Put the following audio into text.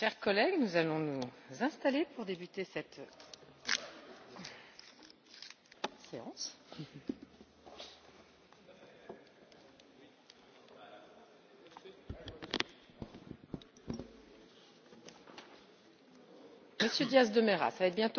chers collègues nous allons nous installer pour débuter cette séance. monsieur diaz de mera ça va bientôt